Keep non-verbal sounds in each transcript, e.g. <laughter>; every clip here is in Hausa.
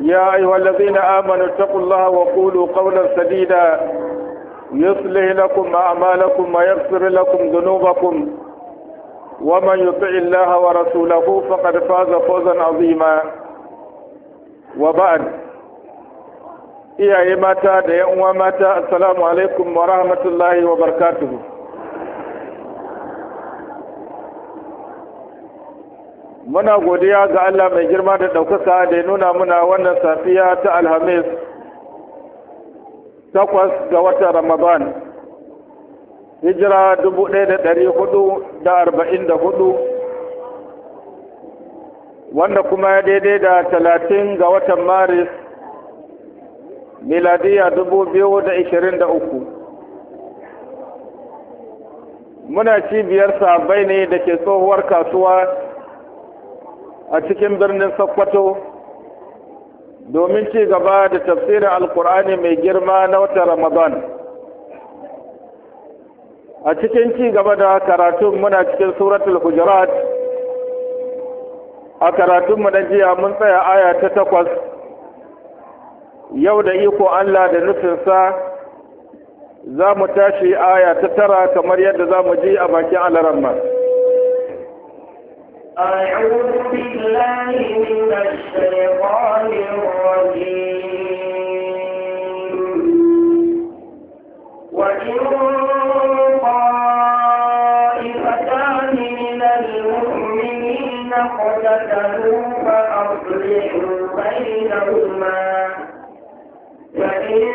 يا أيها الذين آمنوا اتقوا الله وقولوا قولا سديدا يصلح لكم أعمالكم ويغفر لكم ذنوبكم ومن يطع الله ورسوله فقد فاز فوزا عظيما وبعد يا mata da 'yan السلام عليكم ورحمة الله وبركاته muna godiya ga Allah mai girma da ɗaukaka da ya nuna muna wannan safiya ta alhamis takwas ga watan ramadan hijira dubu ɗaya da ɗari hudu da arba'in da hudu wanda kuma ya daidai da talatin ga watan maris miladiya dubu biyu da ishirin da uku muna cibiyar sabai ne da ke tsohuwar kasuwa a cikin birnin Sokoto domin ci gaba da tafsirin Alkur'ani mai girma na wata Ramadan. A cikin ci gaba da karatun muna cikin suratul Hujurat, a karatunmu na jiya mun tsaya aya ta takwas, yau da iko Allah da nufinsa za mu tashi aya ta tara kamar yadda za mu ji a bakin alaramma. أعوذ بالله من الشيطان الرجيم وإن طائفتان من المؤمنين اقتتلوا فأصلحوا بينهما فإن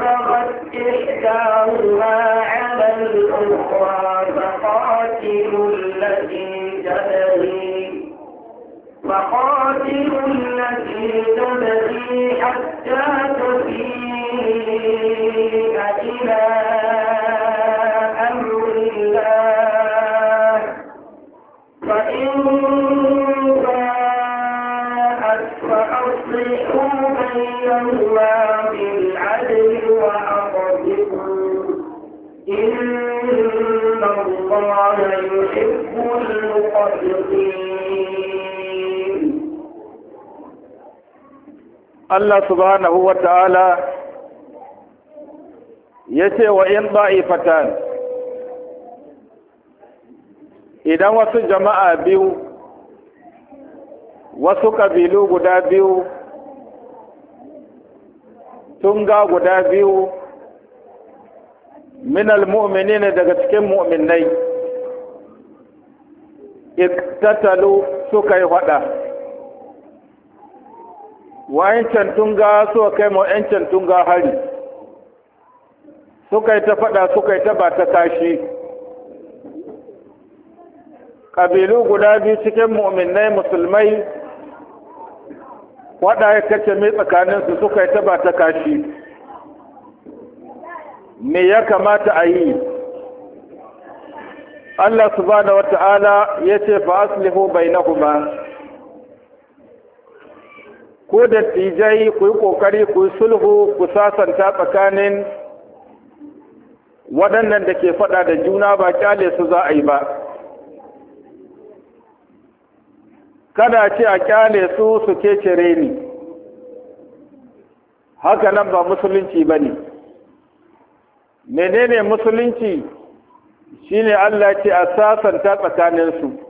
بغت إحداهما على الأخرى فقاتلوا التي نبأ حتى Allah subhanahu wa ta'ala ya ce wa ‘yan ba'ifatan idan wasu jama'a biyu wasu ƙabilu guda biyu tunga guda biyu minal mu'mini ne daga cikin mu'minai iktatalu suka yi faɗa wa'yancan tunga suka kai ma wa'yancan tunga hari suka yi ta faɗa suka yi ta ba ta kashi ƙabilu guda biyu cikin mu'minai musulmai waɗa ya kace mai tsakaninsu suka yi ta ba ta kashi me ya kamata a yi Allah subhanahu wata'ala ya ce fa aslihu bainahuma ko dattijai, tijai ku yi ƙoƙari ku yi sulhu ku sasanta tsakanin waɗannan da ke faɗa da juna ba kyale su za a yi ba kada ce a kyale su su ke cire ni haka nan ba musulunci ba ne menene musulunci shine Allah ce a sasanta tsakaninsu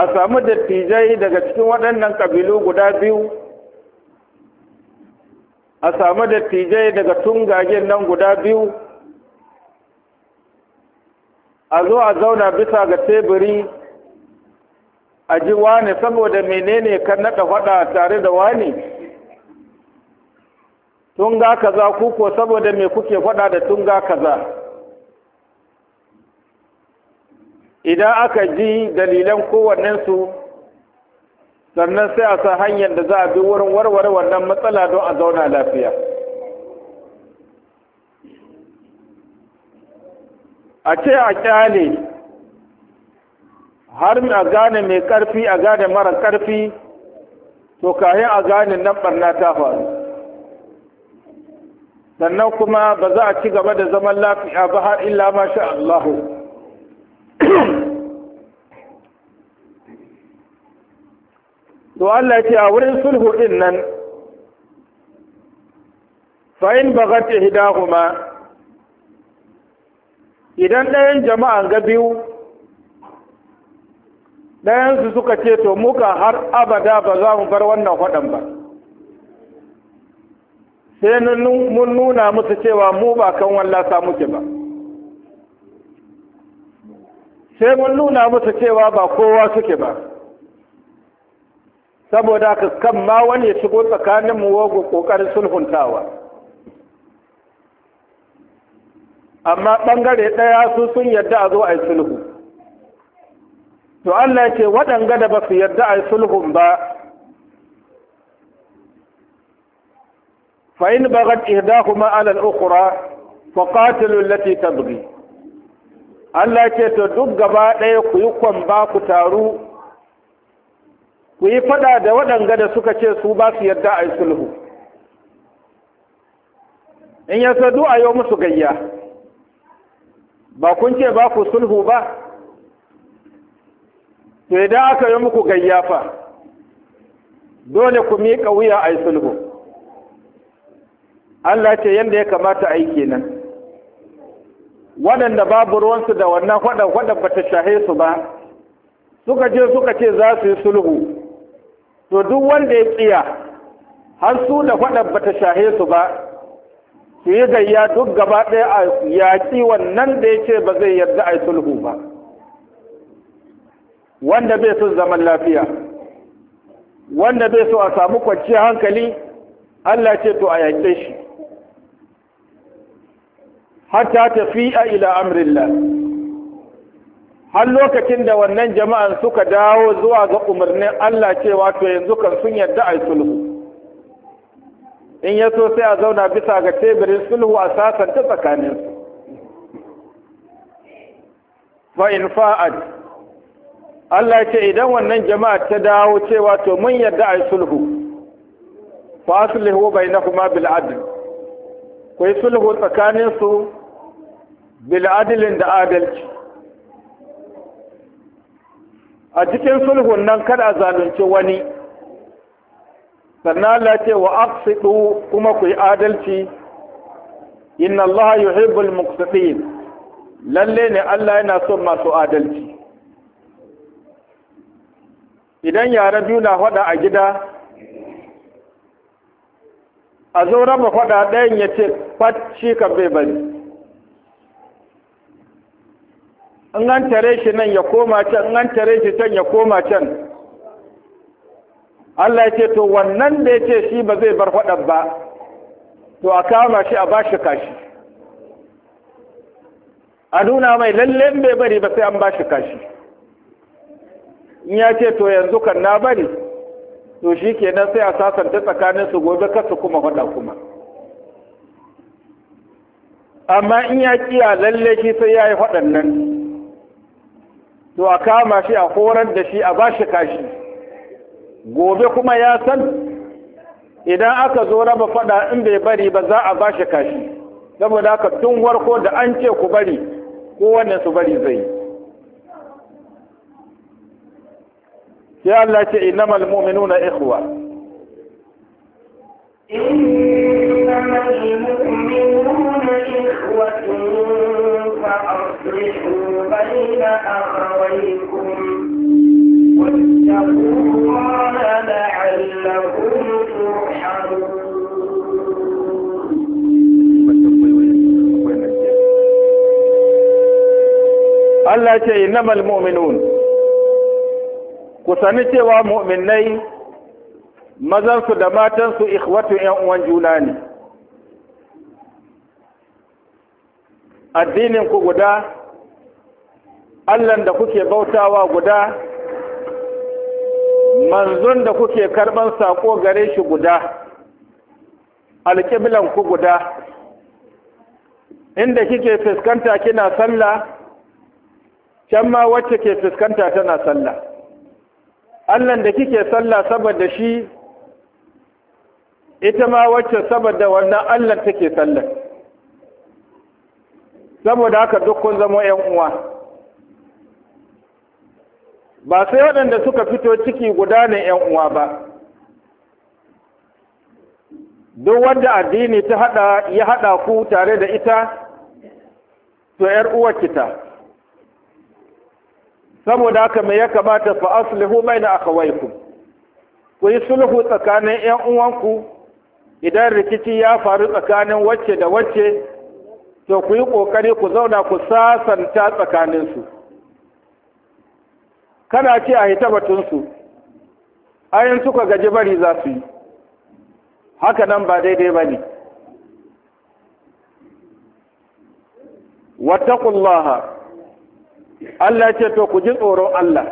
a samu dattijai daga cikin waɗannan ƙabilu guda biyu a samu dattijai daga tungagen nan guda biyu a zo a zauna bisa ga teburi a ji wane saboda menene kan naɗa faɗa tare da wane tunga kaza ko saboda me kuke faɗa da tunga kaza idan aka ji dalilan kowannensu sannan sai a sa hanyar da za a bi wurin warware wannan matsala don a zauna lafiya a ce a kyale har a gane mai karfi a gane mara karfi to kayan a gane nan barna ta faru sannan kuma ba za a ci gaba da zaman lafiya ba har illa masha Allahu. <coughs> to Allah ce a wurin sulhu din nan ta bagat ihdahuma idan ɗayan jama'a ga biyu ɗayan su suka ce to muka har abada ba za mu bar wannan faɗan ba sai mun nuna musu cewa mu ba kan wallasa muke ba sai mun nuna musu cewa ba kowa suke ba saboda ka kan ma wani ya shigo tsakanin mu wago kokarin sulhuntawa amma bangare ɗaya su sun yarda a zo a yi sulhu to Allah ya ce waɗanga da ba su yarda a yi sulhu ba fa in bagat ihdahuma ala al-ukhra fa qatilu allati tabghi Allah ce to duk gaba ɗaya ku yi kwamba ku taru ku yi fada da waɗanga da suka ce su ba su yarda a yi sulhu in ya sadu a yau musu gayya ba kun ce ba ku sulhu ba to idan aka yi muku gayya fa dole ku miƙa wuya a yi sulhu Allah ce yadda ya kamata aiki nan. kenan. waɗanda babu ruwansu da wannan kwaɗa-kwaɗa ba ta shahe su ba suka je suka ce za su yi sulhu to duk wanda ya tsiya har su da kwaɗa ba ta shahe su ba su yi gayya duk gaba ɗaya a yaƙi wannan da ya ce ba zai yarda a yi sulhu ba wanda bai so zaman lafiya wanda bai so a samu kwanciyar hankali Allah ce to a yaƙe shi hatta tafi'a ila amrillah har lokacin da wannan jama'an suka dawo zuwa ga umarnin Allah cewa to yanzu kan sun yarda a sulhu in ya so sai a zauna bisa ga teburin sulhu a sasanta tsakanin fa in fa'ad Allah ce idan wannan jama'a ta dawo cewa to mun yarda a sulhu fa aslihu bainahuma bil adl ku yi sulhu tsakanin su bil adilin da adalci a cikin sulhun nan kada a zalunci wani sannan Allah ce wa aqsidu kuma ku yi adalci inna Allah yuhibbul muqsitin lalle ne Allah yana son masu adalci idan yara biyu na faɗa a gida a zo raba faɗa ɗayan ya ce fat shi ka bai bari in an tare shi nan ya koma can in an tare shi can ya koma can Allah ya ce to wannan da ya ce shi ba zai bar faɗan ba to a kama shi a bashi kashi a nuna mai lalle in bai bari ba sai an bashi kashi in ya ce to yanzu kan na bari to shi kenan sai a sasanta tsakanin su gobe kasu kuma faɗa kuma amma in ya kiya lalle shi sai ya yi faɗan nan to a kama shi a horar da shi a bashi kashi gobe kuma ya san idan aka zo raba fada in bai bari ba za a bashi kashi saboda ka tun warko da an ce ku bari ko wannan su bari zai yi, sai Allah ce innamal mu'minuna ikhwa إنما المؤمنون إخوة فأصلحوا بين أخويكم واتقوا الله لعلكم ترحمون Allah ce na mu'minun ku sani cewa mu'minnai mazansu da matansu ikhwatu yan uwan juna ne addinin ku guda allan da kuke bautawa guda manzon da kuke karban sako gare shi guda alƙiblan ku guda inda kike fuskanta kina sallah can ma wacce ke fuskanta tana sallah allan da kike sallah saboda shi ita ma wacce saboda wannan allah take sallah saboda haka dukkan zama ‘yan uwa ba sai waɗanda suka fito ciki guda ne ‘yan uwa ba duk wanda addini ta hada ya haɗa ku tare da ita to ‘yar uwar kita saboda haka mai ya kamata fa aslihu mai na akawaiku ku yi sulhu tsakanin ‘yan uwanku idan rikici ya faru tsakanin wacce da wacce to ku yi ƙoƙari ku zauna ku sasanta tsakaninsu kana ce a hita batunsu ayin suka gaji bari za su yi haka nan ba daidai ba ne wattakullaha Allah ce to ku ji tsoron Allah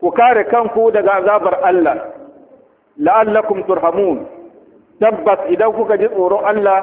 ku kare kanku daga azabar Allah la'allakum turhamun tabbas idan kuka ji tsoron Allah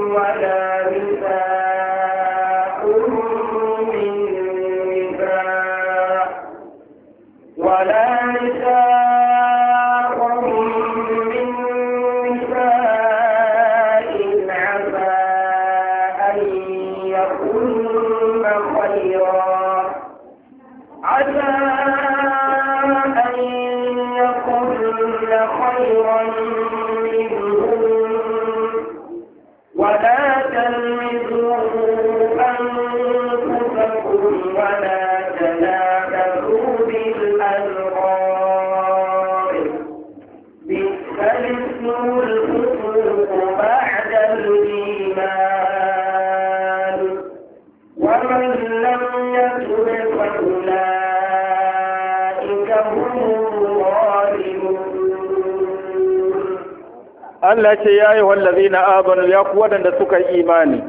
Allah ce ya yi wallazi na abinu ya ku da suka yi imani,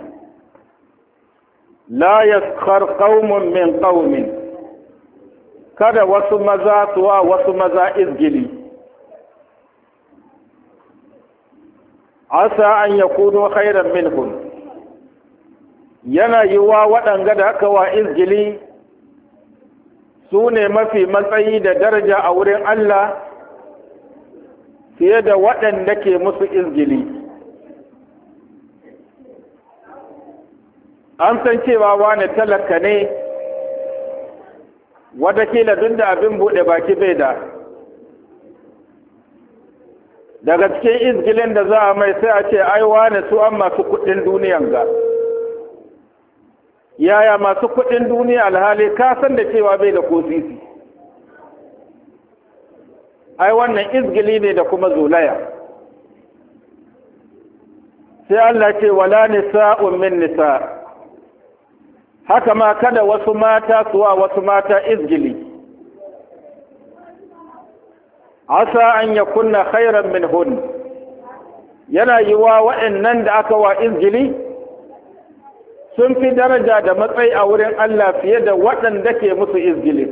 la ya min ƙaumin. kada wasu maza tuwa wasu maza izgili asa an ya kuno khairan minhum yana yiwa waɗanga da aka wa izgili su ne mafi matsayi da daraja a wurin Allah fiye da waɗanda ke musu izgili an san cewa wani talaka ne watakila duk da abin buɗe baki bai da daga cikin izgilin da za a mai sai a ce ai wane su an masu kuɗin duniyan ga yaya masu kuɗin duniya alhali ka san da cewa bai da ko ai wannan izgili ne da kuma zulaya sai Allah ce wala nisa'un min nisa' haka ma kada wasu mata suwa wasu mata izgili asa an ya kunna khairan min hun yana yi wa waɗannan da aka wa izgili sun fi daraja da matsayi a wurin Allah fiye da waɗanda ke musu izgili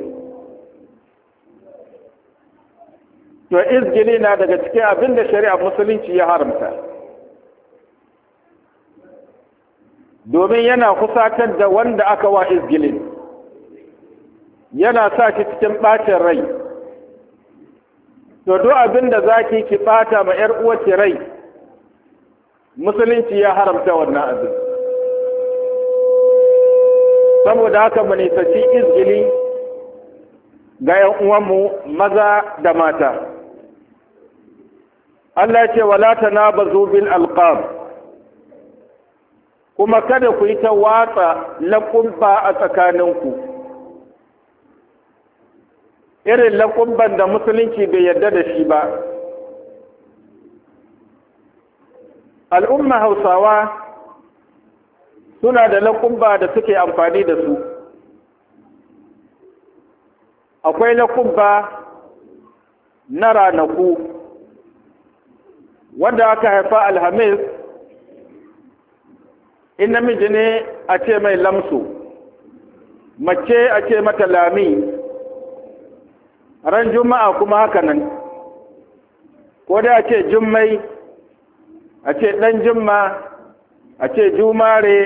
to izgili na daga cikin abin da shari'a musulunci ya haramta domin yana kusatar da wanda aka wa izgilin yana sa ki cikin ɓacin rai to duk abin da za ki ki ɓata ma 'yar uwace rai musulunci ya haramta wannan abin saboda haka mu nisanci izgili ga 'yan uwanmu maza da mata Allah ce wala tanabazu bil alqab kuma kada ku yi ta watsa laƙumba a tsakaninku irin laƙumban da musulunci bai yarda da shi ba al'umma hausawa suna da laƙumba da suke amfani da su akwai laƙumba na ranaku wanda aka haifa alhamis in namiji ne a ce mai lamsu mace a ce mata lami ran juma'a kuma haka nan ko da a ce jummai a ce dan jumma a ce jumare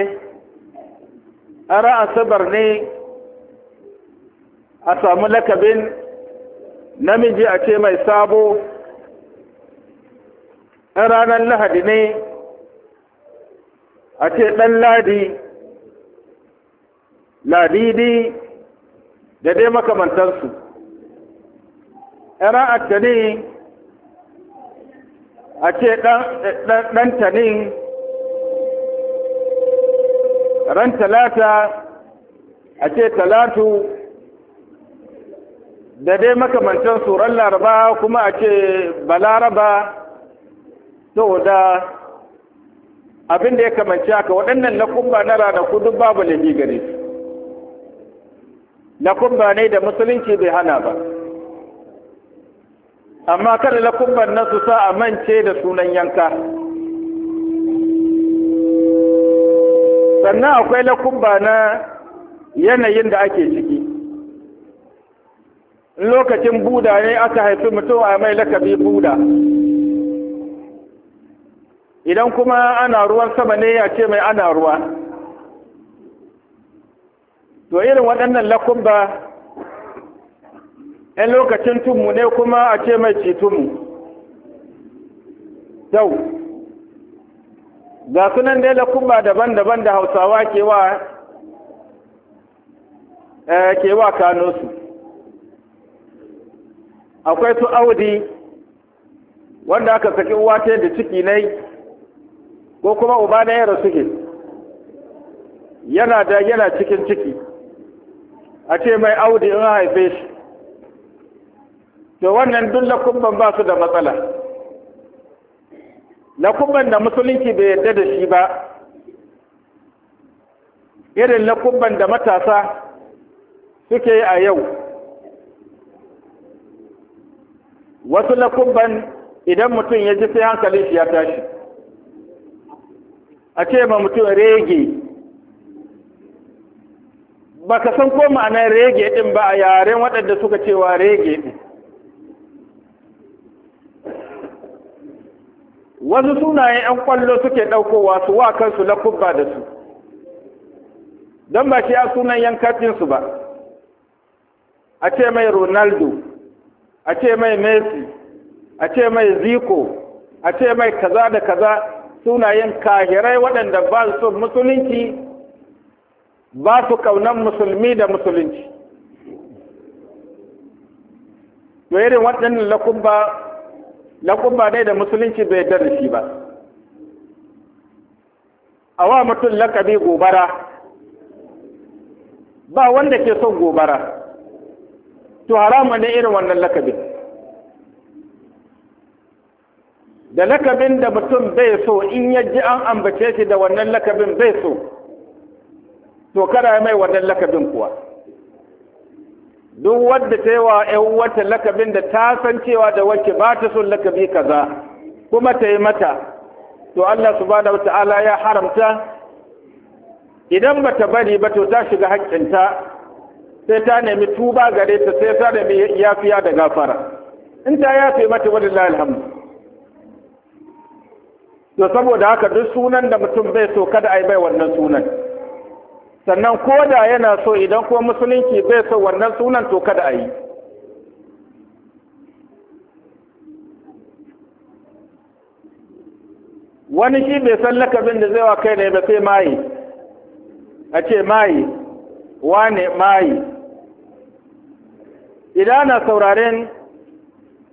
ara asabar ne a samu lakabin namiji a ce mai sabo in ranar lahadi ne a ce ɗan ladi ladidi da dai makamantansu ‘yan attani a ce ɗan tani ran talata a ce talatu da dai makamantarsu ran laraba kuma a ce balaraba da abin da ya kamanci haka waɗannan lakumba na ranaku duk babu laifi gare su lakumba ne da musulunci bai hana ba amma kada lakumban na su sa a mance da sunan yanka sannan akwai lakumba na yanayin da ake ciki lokacin buda ne aka haifi mutum a mai lakabi buda idan kuma ana ruwan sama ne ya ce mai ana ruwa to irin waɗannan lakumba ‘yan lokacin tunmu ne kuma a ce mai citunmu yau ga sunan dai lakumba daban-daban da hausawa ke wa eh, ke kano su akwai su audi wanda aka saki uwa ta da ciki nai ko kuma uba na ya rasu yana da yana cikin ciki a ce mai audi in haife shi to wannan duk lakumban ba su da matsala lakumban da musulunci bai yarda da shi ba irin lakumban da matasa suke yi a yau wasu lakumban idan mutum ya ji sai hankalin shi ya tashi a ce ma mutum rege ba ka san ko ma'anar rege din ba a yaren waɗanda suka cewa rege ɗin wasu sunayen 'yan kwallo suke ɗaukowa su wa kansu lakubba da su don ba shi a sunan yankacinsu ba a ce mai ronaldo a ce mai messi a ce mai zico a ce mai kaza da kaza sunayen kahirai waɗanda ba su musulunci ba su kaunan musulmi da musulunci to irin waɗannan lakumba dai da musulunci bai dare shi ba a wa mutum lakabi gobara ba wanda ke son gobara to haramun ne irin wannan lakabin da lakabin da mutum bai so in ya ji an ambace shi da wannan lakabin bai so to kada mai wannan lakabin kuwa duk wadda ta yi wa ‘yan wata lakabin da ta san cewa da wacce ba ta son lakabi kaza kuma ta yi mata to Allah subhanahu ta'ala ya haramta idan ba ta bari ba to ta shiga haƙƙinta sai ta nemi tuba gare ta sai ta nemi yafiya da gafara in ta yafe mata wani alhamdu to saboda haka duk sunan da mutum bai so kada a yi bai wannan sunan sannan ko da yana so idan ko musulunci bai so wannan sunan to kada a yi wani shi bai san lakabin da zai wa kai ne ba sai mayi a ce mayi wane mayi idan na sauraren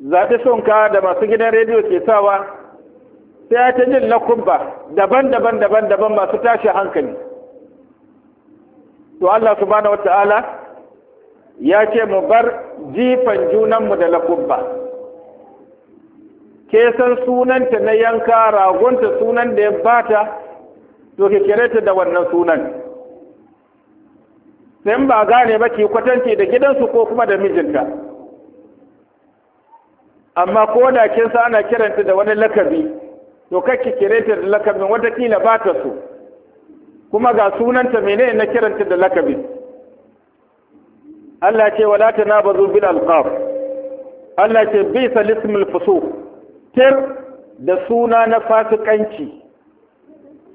zaɓi sonka da masu gidan rediyo ke sawa sai ta jin na kubba daban-daban daban-daban masu tashi hankali to Allah subhanahu wata'ala ya ce mu bar jifan junanmu da lakubba ke san sunanta na yanka ragonta sunan da ya bata to ke ta da wannan sunan sai ba gane ba ki kwatance da gidansu ko kuma da mijinta amma ko da kin sa ana kiranta da wani lakabi to kake kireta da lakabin watakila ba ta so kuma ga sunanta mene na kiranta da lakabin Allah ce wala bazu bil alqaf Allah ce bisa lismul fusuq tir da suna na fasikanci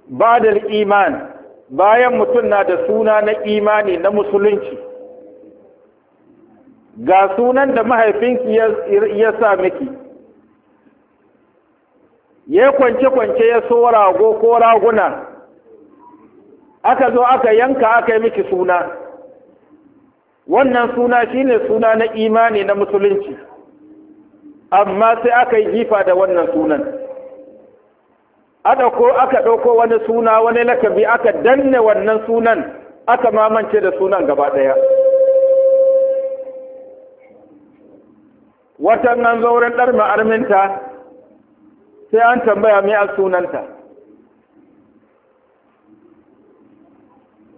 ba da iman bayan mutum na da suna na imani na musulunci ga sunan da mahaifinki ya sa miki ya kwance-kwance ya so rago ko raguna aka zo aka yanka aka yi miki suna wannan suna shine suna na imani na musulunci amma sai aka yi jifa da wannan sunan aka aka ɗauko wani suna wani lakabi aka danne wannan sunan aka mamance da sunan gaba ɗaya watan nan zauren ɗar ma'arminta sai an tambaya mai a sunanta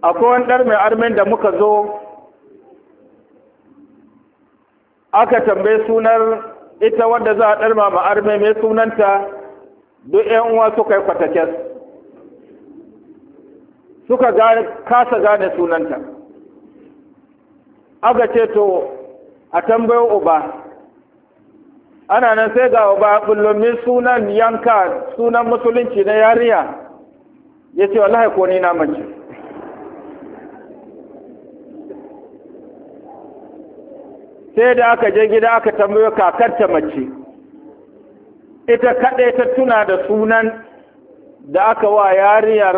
akwai wani ɗar mai armen da muka zo aka tambaye sunar ita wanda za a ɗarma ma arme mai sunanta duk ‘yan uwa suka yi kwatakes suka kasa gane sunanta aka ce to a tambayo uba ana nan sai ga ba min sunan yanka sunan musulunci na yariya ya ce wallahi ko ni na mace sai da aka je gida aka tambayo kakarta mace ita kaɗai ta tuna da sunan da aka wa yariya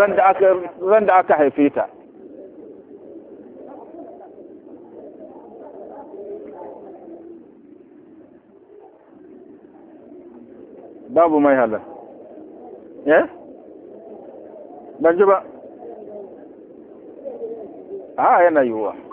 ran da aka haife ta babu mai halar ya eh? ban ji ba a ah, yana yiwuwa